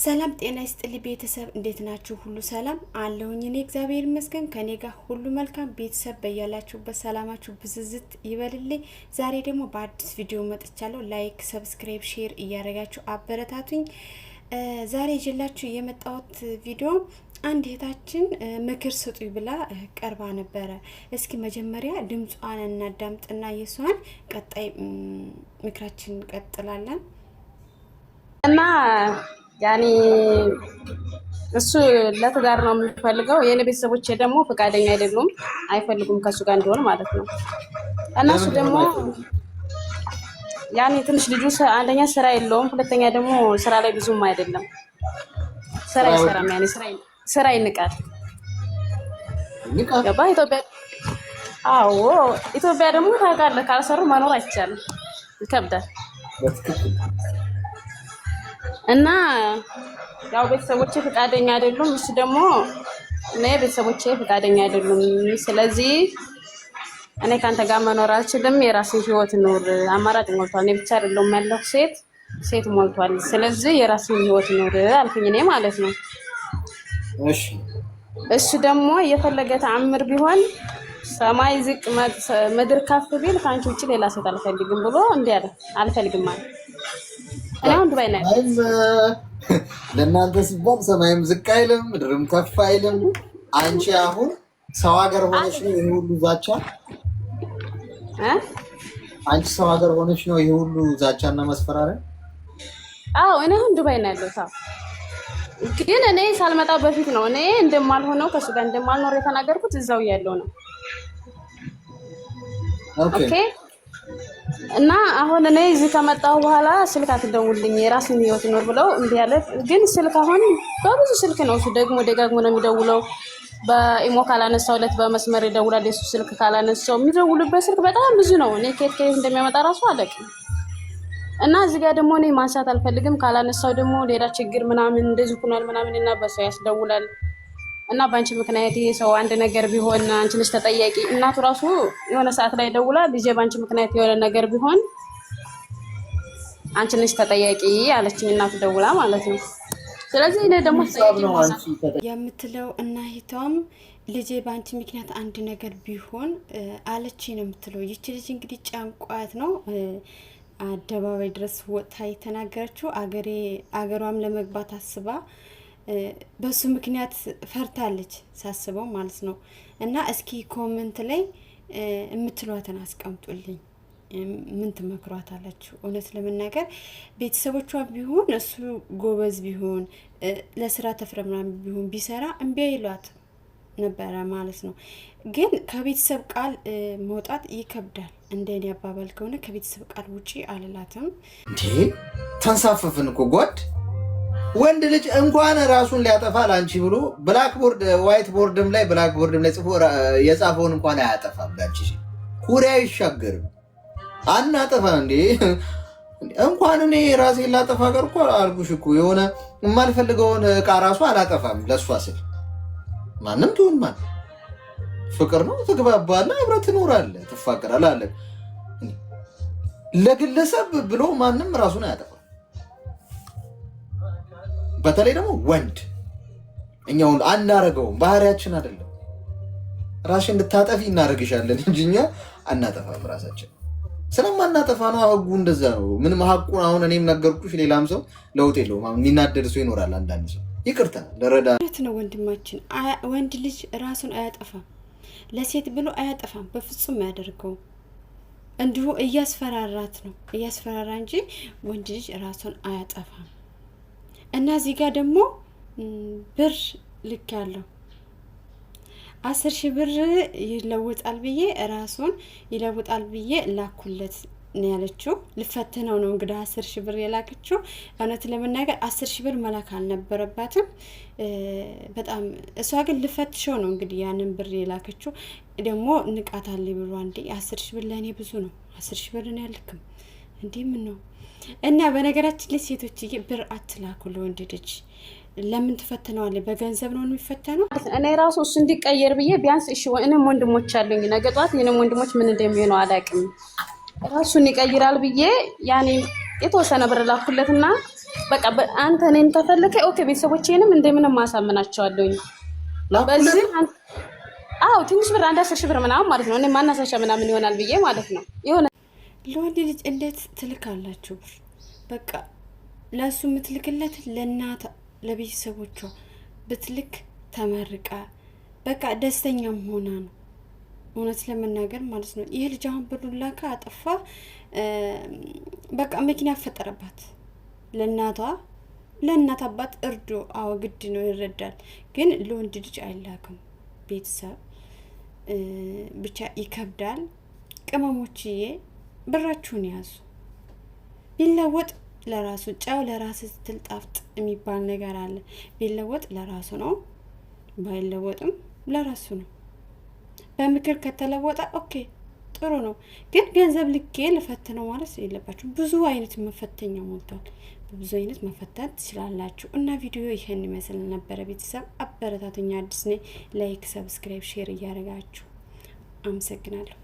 ሰላም ጤና ይስጥልኝ ቤተሰብ እንዴት ናችሁ? ሁሉ ሰላም አለውኝ። እኔ እግዚአብሔር ይመስገን ከኔ ጋር ሁሉ መልካም። ቤተሰብ በያላችሁበት ሰላማችሁ ብዝዝት ይበልልኝ። ዛሬ ደግሞ በአዲስ ቪዲዮ መጥቻለሁ። ላይክ፣ ሰብስክራይብ፣ ሼር እያደረጋችሁ አበረታቱኝ። ዛሬ ይዤላችሁ የመጣሁት ቪዲዮ አንድ እህታችን ምክር ስጡኝ ብላ ቀርባ ነበረ። እስኪ መጀመሪያ ድምጿን እናዳምጥና የሷን ቀጣይ ምክራችን እንቀጥላለን እና ያኔ እሱ ለትዳር ነው የምፈልገው። የእኔ ቤተሰቦች ደግሞ ፈቃደኛ አይደሉም፣ አይፈልጉም ከእሱ ጋር እንዲሆን ማለት ነው። እነሱ ደግሞ ያኔ ትንሽ ልጁ አንደኛ ስራ የለውም፣ ሁለተኛ ደግሞ ስራ ላይ ብዙም አይደለም፣ ስራ ያኔ ስራ ይንቃል። ገባ ኢትዮጵያ? አዎ ኢትዮጵያ ደግሞ ታውቃለህ፣ ካልሰሩ መኖር አይቻልም፣ ይከብዳል። እና ያው ቤተሰቦች ፈቃደኛ አይደሉም። እሱ ደግሞ እኔ ቤተሰቦቼ ፈቃደኛ አይደሉም። ስለዚህ እኔ ከአንተ ጋር መኖር አልችልም፣ የራስን ህይወት ኑር። አማራጭ ሞልቷል። እኔ ብቻ አይደለሁም ያለሁ ሴት ሴት ሞልቷል። ስለዚህ የራስን ህይወት ኑር አልኩኝ እኔ ማለት ነው። እሺ እሱ ደግሞ የፈለገ ተአምር ቢሆን ሰማይ ዝቅ ምድር ከፍ ቢል ከአንቺ ውጭ ሌላ ሴት አልፈልግም ብሎ እንዲህ አልፈልግም ማለት ለእናንተ ሲባል ሰማይም ዝቅ አይልም፣ ምድርም ከፍ አይልም። አንቺ አሁን ሰው ሀገር ሆነች ነው ይህ ሁሉ ዛቻ። አንቺ ሰው ሀገር ሆነች ነው ይህ ሁሉ ዛቻ እና መስፈራሪያ። አዎ እኔ አሁን ዱባይ ነው ያለው ሰው ግን እኔ ሳልመጣ በፊት ነው እኔ እንደማልሆነው ከሱ ጋር እንደማልኖር የተናገርኩት እዛው ያለው ነው። ኦኬ እና አሁን እኔ እዚህ ከመጣሁ በኋላ ስልክ አትደውልኝ የራስን ህይወት ይኖር ብለው እምቢ አለ። ግን ስልክ አሁን በብዙ ስልክ ነው እሱ ደግሞ ደጋግሞ ነው የሚደውለው። በኢሞ ሁለት በመስመር ይደውላል። የሱ ስልክ ካላነሳው የሚደውሉበት ስልክ በጣም ብዙ ነው። እኔ ኬት ኬት እንደሚያመጣ ራሱ አለቅም። እና እዚህ ጋር ደግሞ እኔ ማንሳት አልፈልግም። ካላነሳው ደግሞ ሌላ ችግር ምናምን እንደዚህ ሆኗል ምናምን እና በሰው ያስደውላል እና በአንቺ ምክንያት ይሄ ሰው አንድ ነገር ቢሆን አንቺ ነሽ ተጠያቂ። እናቱ ራሱ የሆነ ሰዓት ላይ ደውላ ልጄ በአንቺ ምክንያት የሆነ ነገር ቢሆን አንቺ ነሽ ተጠያቂ አለችኝ፣ እናቱ ደውላ ማለት ነው። ስለዚህ እኔ ደግሞ የምትለው እና ሂቷም ልጄ በአንቺ ምክንያት አንድ ነገር ቢሆን አለች ነው የምትለው። ይቺ ልጅ እንግዲህ ጫንቋት ነው አደባባይ ድረስ ወጥታ የተናገረችው። አገሬ አገሯም ለመግባት አስባ በሱ ምክንያት ፈርታለች ሳስበው ማለት ነው። እና እስኪ ኮመንት ላይ የምትሏትን አስቀምጡልኝ። ምን ትመክሯት አላችሁ? እውነት ለመናገር ቤተሰቦቿ ቢሆን እሱ ጎበዝ ቢሆን ለስራ ተፍረምራ ቢሆን ቢሰራ እምቢ ይሏት ነበረ ማለት ነው። ግን ከቤተሰብ ቃል መውጣት ይከብዳል። እንደ እኔ አባባል ከሆነ ከቤተሰብ ቃል ውጪ አልላትም። እንዲህ ተንሳፈፍን እኮ ጓድ ወንድ ልጅ እንኳን ራሱን ሊያጠፋ ላንቺ ብሎ ብላክቦርድ ዋይት ቦርድም ላይ ብላክቦርድም ላይ ጽፎ የጻፈውን እንኳን አያጠፋም። ላንቺ ኩሪ አይሻገርም። አናጠፋ እንዴ እንኳን እኔ ራሴ ላጠፋ ቀርኩ። አልኩሽ እኮ የሆነ የማልፈልገውን እቃ ራሱ አላጠፋም። ለእሷ ስል ማንም ትሁን ማን ፍቅር ነው። ትግባባለ፣ አብረህ ትኖራለህ፣ ትፋቀራለህ አለ። ለግለሰብ ብሎ ማንም ራሱን አያጠፋ በተለይ ደግሞ ወንድ እኛውን አናረገውም፣ ባህሪያችን አይደለም። ራሽ እንድታጠፊ እናደርግሻለን እንጂ እኛ አናጠፋም። ራሳችን ስለማናጠፋ ነው። ህጉ እንደዛ ነው። ምንም ሀቁን አሁን እኔም ነገርኩሽ፣ ሌላም ሰው ለውጥ የለውም። አሁን የሚናደድ ሰው ይኖራል፣ አንዳንድ ሰው ይቅርታ ለረዳ ነው። ወንድማችን ወንድ ልጅ ራሱን አያጠፋም፣ ለሴት ብሎ አያጠፋም፣ በፍጹም ያደርገው እንዲሁ እያስፈራራት ነው እያስፈራራ እንጂ ወንድ ልጅ ራሱን አያጠፋም። እና እዚህ ጋር ደግሞ ብር ልክ ያለው አስር ሺህ ብር ይለውጣል ብዬ ራሱን ይለውጣል ብዬ ላኩለት ነው ያለችው። ልፈትነው ነው እንግዲህ አስር ሺህ ብር የላከችው። እውነት ለመናገር አስር ሺህ ብር መላክ አልነበረባትም። በጣም እሷ ግን ልፈትሸው ነው እንግዲህ ያንን ብር የላከችው። ደግሞ ንቃት አለ ብሏ እንዴ አስር ሺህ ብር ለእኔ ብዙ ነው። አስር ሺህ ብር ነው ያልክም እንዴ ምን ነው እና በነገራችን ላይ ሴቶችዬ ብር አትላኩ ለወንድ ልጅ። ለምን ትፈትነዋለ? በገንዘብ ነው የሚፈተነው። እኔ ራሱ እሱ እንዲቀየር ብዬ ቢያንስ እሺ፣ እኔም ወንድሞች አሉኝ። ነገ ጠዋት የእኔም ወንድሞች ምን እንደሚሆነው አላውቅም። ራሱን ይቀይራል ብዬ ያኔ የተወሰነ ብር ላኩለትና በቃ አንተ እኔን ተፈልከ ኦኬ፣ ቤተሰቦቼንም እንደምንም ማሳምናቸዋለሁኝ። አዎ፣ ትንሽ ብር አንድ አስር ሺህ ብር ምናምን ማለት ነው። እኔ ማናሳሻ ምናምን ይሆናል ብዬ ማለት ነው የሆነ ለወንድ ልጅ እንዴት ትልካላችሁ ብር? በቃ ለእሱ የምትልክለት ለእናት ለቤተሰቦቿ ብትልክ ተመርቃ በቃ ደስተኛም ሆና ነው። እውነት ለመናገር ማለት ነው። ይህ ልጅ አሁን ብሩን ላካ አጠፋ፣ በቃ መኪና ፈጠረባት ለእናቷ ለእናት አባት እርዶ። አዎ ግድ ነው፣ ይረዳል። ግን ለወንድ ልጅ አይላክም። ቤተሰብ ብቻ ይከብዳል። ቅመሞችዬ ብራችሁን ያዙ። ቢለወጥ ለራሱ ጨው ለራስ ስትል ጣፍጥ የሚባል ነገር አለ። ቢለወጥ ለራሱ ነው፣ ባይለወጥም ለራሱ ነው። በምክር ከተለወጠ ኦኬ ጥሩ ነው። ግን ገንዘብ ልኬ ልፈትነው ማለት የለባችሁ። ብዙ አይነት መፈተኛ ሞልቷል። ብዙ አይነት መፈተን ትችላላችሁ። እና ቪዲዮ ይህን ይመስል ነበረ። ቤተሰብ አበረታተኛ አዲስ ነኝ። ላይክ፣ ሰብስክራይብ፣ ሼር እያደረጋችሁ አመሰግናለሁ።